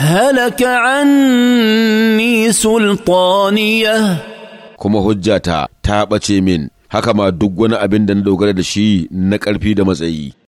هلك عني سلطانيه kuma hujjata ta ɓace min haka ma duk wani abin da na dogara da shi na ƙarfi da matsayi